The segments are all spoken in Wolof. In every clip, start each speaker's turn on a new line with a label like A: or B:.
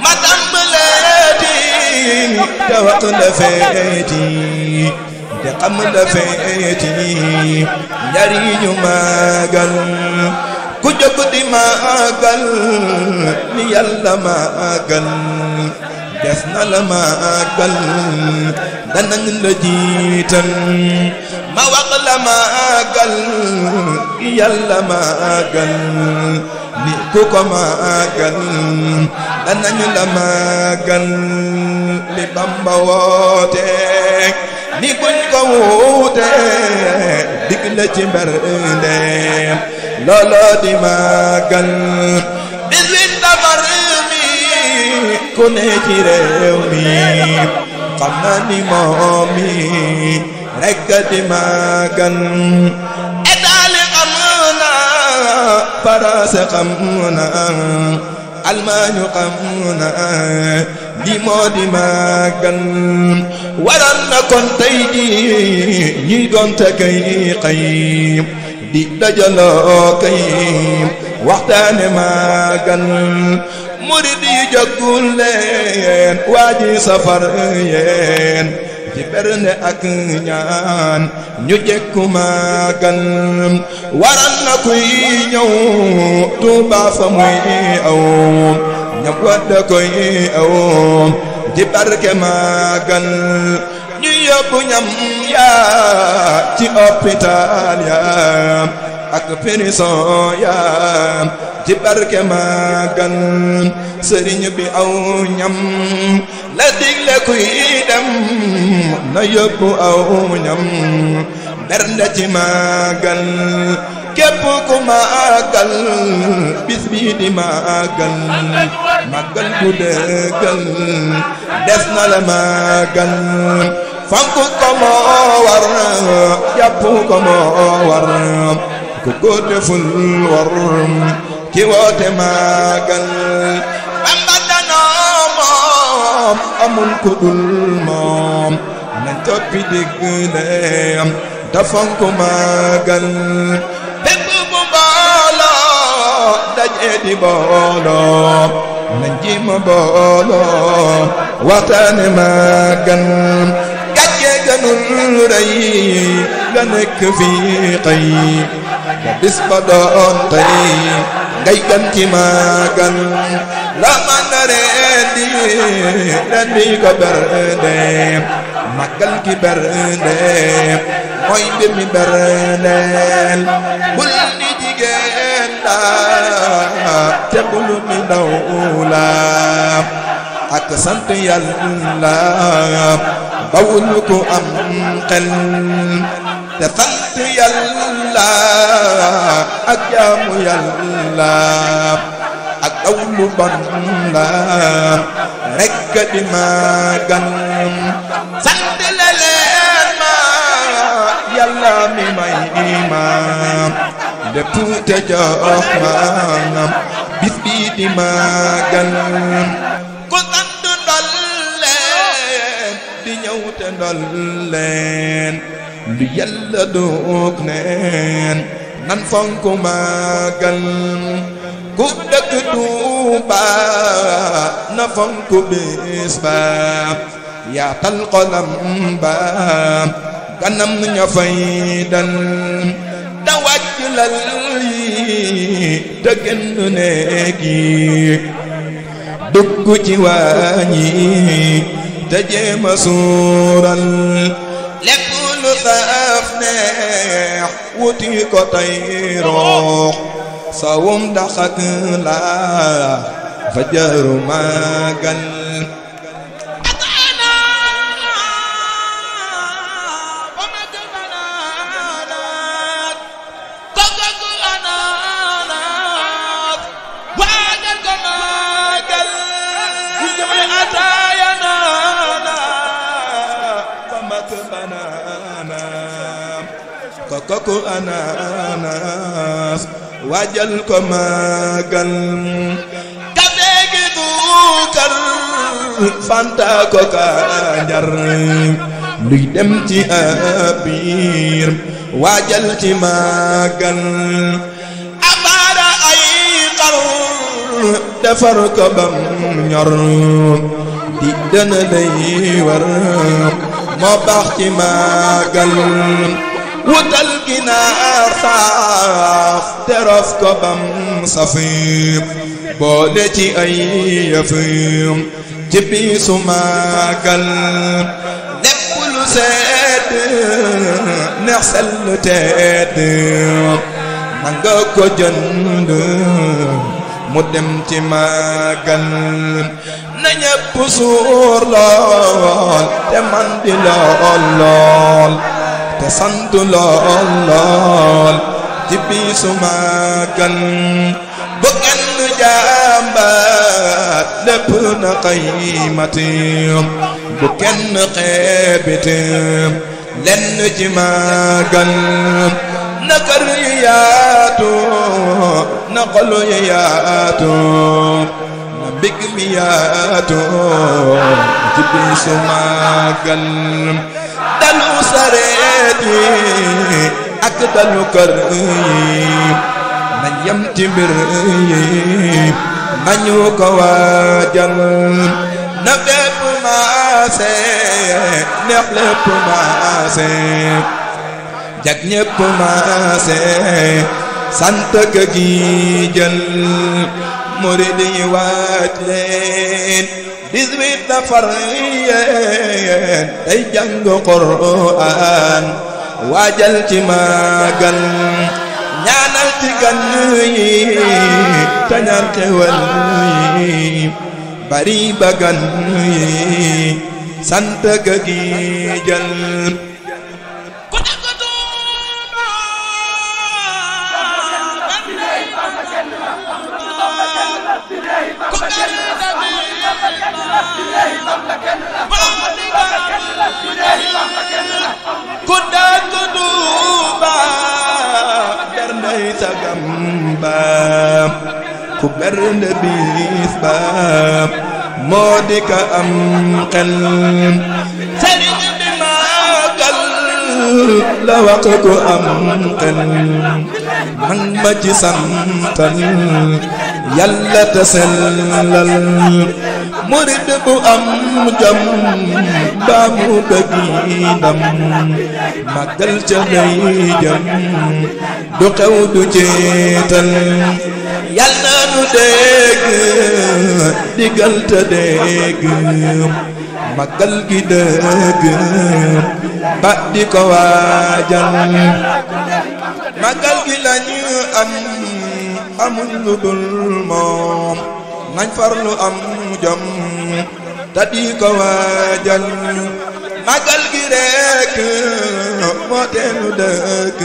A: ma tàmbaleeti te wax na feeti te xam na feeti njariñu màggal ku jóg di màggal ni yàlla màggal def na la màggal danañ la jiital ma wax la màggal yàlla màggal ku ko màggal danañu la màggal li Bamba woote ni kuñ ko wuute digg ci mbernde looloo di màggal dix-huit safar mi ku ne ci réew mi xam na rekk di màggal Faranse xam naa Almaañ xam naa lii moo di màggal waral na kon tey jii ñuy gonte kay di dajaloo kay waxtaane màggal murid yi jógul leen waa safar yeen ci ak ñaan ñu jekku màggal waral na kuy ñëw Tuuba muy aw ñam wadda koy aw ci barke ñu yóbbu ñam yaa ci hôpital yaa ak prison ya ci barke bi aw ñam la digle kuy dem na yóbbu aw ñam bernde ci magal képp ku magal bis bi magal magal dëggal des na la magal fonk ko moo war ko moo ku ko deful warum ki woote maagal Bamba danoo moom amul ku dul moom nañ toppi digg leem dafan ko maagal bépp bu booloo dajee di booloo nañ jima booloo waxtaane maagal gàcce ganul rëy nga nekk fii xëy te bis ba doon tey ngay gan ci la mandaree di ren di ko bernde ki bernde mooy mbir mi berndeel bul ni jigéen la te bul ni ndaw ak sant yàlla bawul ko am xel te sant yàlla ak jaamu yàlla ak awlu bon la rekk di magal sant la leen ma yàlla mi may ma lépp te jox ma bis bi di magal ku sant ndol leen di ñëw te ndol leen lu yàlla doog neen nan fonk màggal ku dëkk Tuuba na fonk bis ba yaatal xolam ba ganam ña fay dal da wàcc lal yi te génn néeg yi dugg ci waañ yi te jéem a suural lu taaf neex wuti ko tey roox sawum daxak la fajaru magal kaku ananas waajal ko magal kafe gi buukar fanta ko kaanjar luy dem ci abiir waajal ci magal abaara ay xar defar ko bam ñor di dana day war moo baax ci magal wutal ginaar saaf derof ko bam safiim boole ci ay yëfiim ci biisu màggal lépp lu sedd neex sell tedd na nga ko jënd mu dem ci màggal na ñëpp suur lool te man di lool lool te sant lool lool ci bisu màggal bu kenn jàmbaat lépp na xaymati bu kenn xeebiti lenn ci màggal na kër yu yaatu na xol yu yaatu na mbég mi yaatu ci bisu màggal dalu yi ak dañu kër yi nañ yem ci mbir yi nañu ko waajal na bépp maase neex lépp maase jag ñépp maase sant ka gi jël murid yi waaj leen dix-huit nafar yeen day jàng Qur'aan waajal ci màggal ñaanal ci gan yi te ñaan xewal yi bari ba gan yi sant ga gi jël ku bernde bis ka am xel man ma ci santal yàlla te sellal murid bu am jom ba mu bëgg ndam màggal ca lay jëm du xew du jeetal dégg digal te magal gi dégg ba di ko magal gi lañu am amuñ lu dul moom nañ farlu am jom te di ko waajal magal gi rek moo teenu dëkk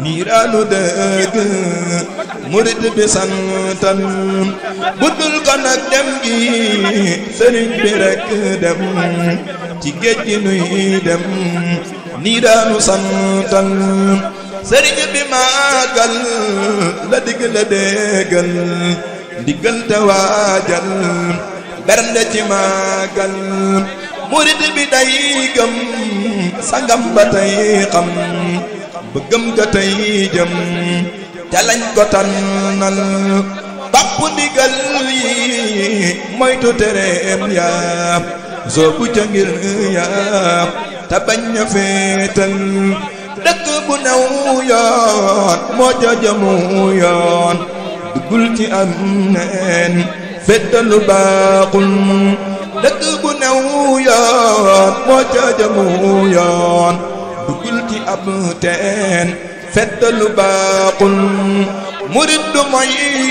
A: niiraanu dëgg murit bi santal budul ko dem gi sëriñ bi rek dem ci géej gi nuy dem niiraanu santal sëriñ bi maagal la digg la déggal bernde ci maagal murit bi day sangam ba ba gëm tey jëm ca lañ ko tànnal bàpp ndigal yi moytu tereem yaa soobu ca ngir yaa te a féetal dëkk bu new yoon moo ca jëmu yoon duggul ci am neen féttalu baaxul dëkk bu new yoon moo ca jëmu yoon duggul ab teen fettalu baaxul murit du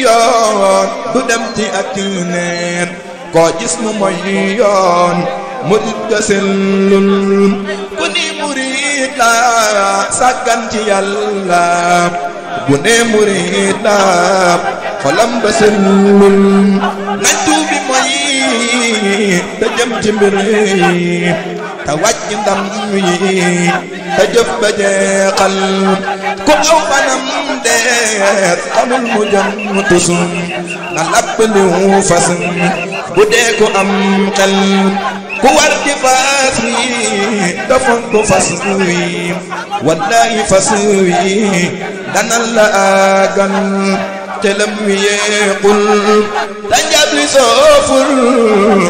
A: yoon du dem ci ak neen koo gis mu yoon murit sellul ku ni murit ci yàlla bu ne murit sellul nañ tuubi mooy te jëm ci mbir yi wàcc ndam yi te jëf ba jeexal ku aw fanam dees amul mu jëm mu tusum na li mu fas bu dee ku am xel ku war di fas wi dafa fas wi wallahi fas wi dana la àggal telam wi yeexul te njab li sooful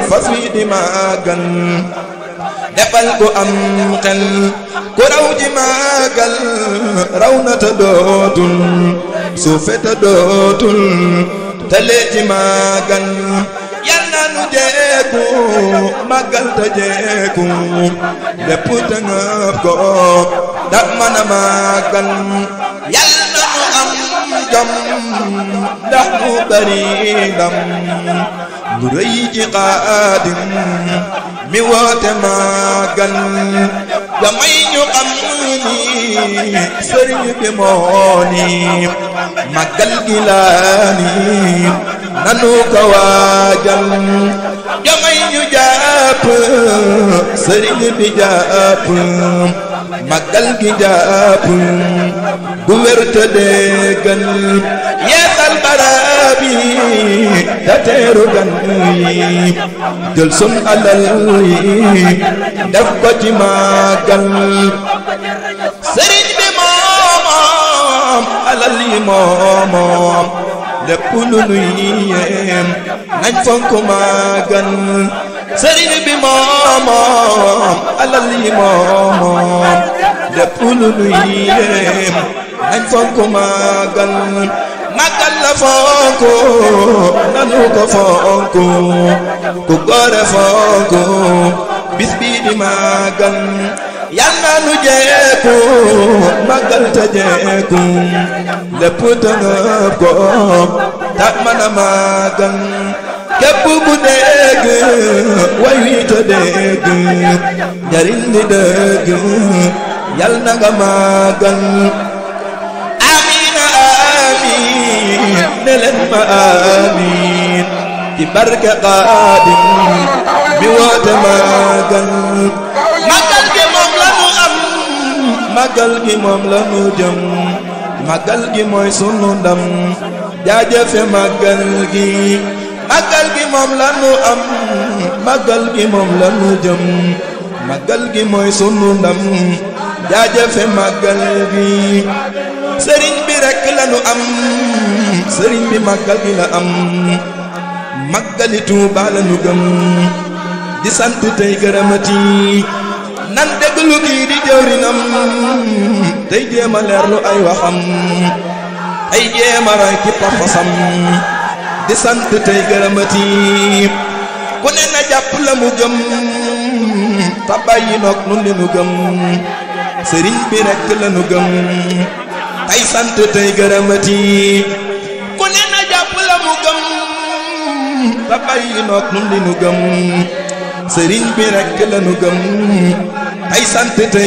A: fas wi di màggal defal ko am xel ku raw ji maagal raw na te dootul suufe te dootul tale ji maagal yàlla nu jeeku màggal te jeeku lépp te ngëb ko ndax mën a màggal yàlla nu am jom ndax mu bari lu rëy ci xaadim mi woote maagal la may ñu xam ni sëriñ bi moo gi laa nanu ko waajal la may ñu jàpp sëriñ bi jàpp gi jàpp du wér te yeesal bara yi da gan yi jël alal yi def ko ci sëriñ bi moomoom alal yi moomoom lépp lu nañ fonk màggal sëriñ fonk nanu ko fonk ku gore fonk bis bi yal na nu jeeku màggal te jeeku lépp te nëb ko a ku dégg way te dégg njariñ li yal na nga ne leen ma amiin ci barke mi woote màggal màggal gi moom la am màggal gi moom la jëm màggal gi mooy sunu ndam jaajëfe gi moom la am màggal gi moom la jëm màggal gi mooy sunu ndam jaajëfe gi sëriñ bi rekk am sëriñ bi màggal gi la am màggali Tuuba la ñu gëm di sant tey gërëmati nan déglu kii di jëwrinam tey jéem ay waxam ay jéem a roy ci pafasam di sant tey gërëmati ku ne na jàpp la mu gëm ta bàyyi noog nun li nu gëm sëriñ bi rekk la nu gëm tey sant tey gërëmati te bàyyi noog nun li nu gëm bi rekk la nu gëm ay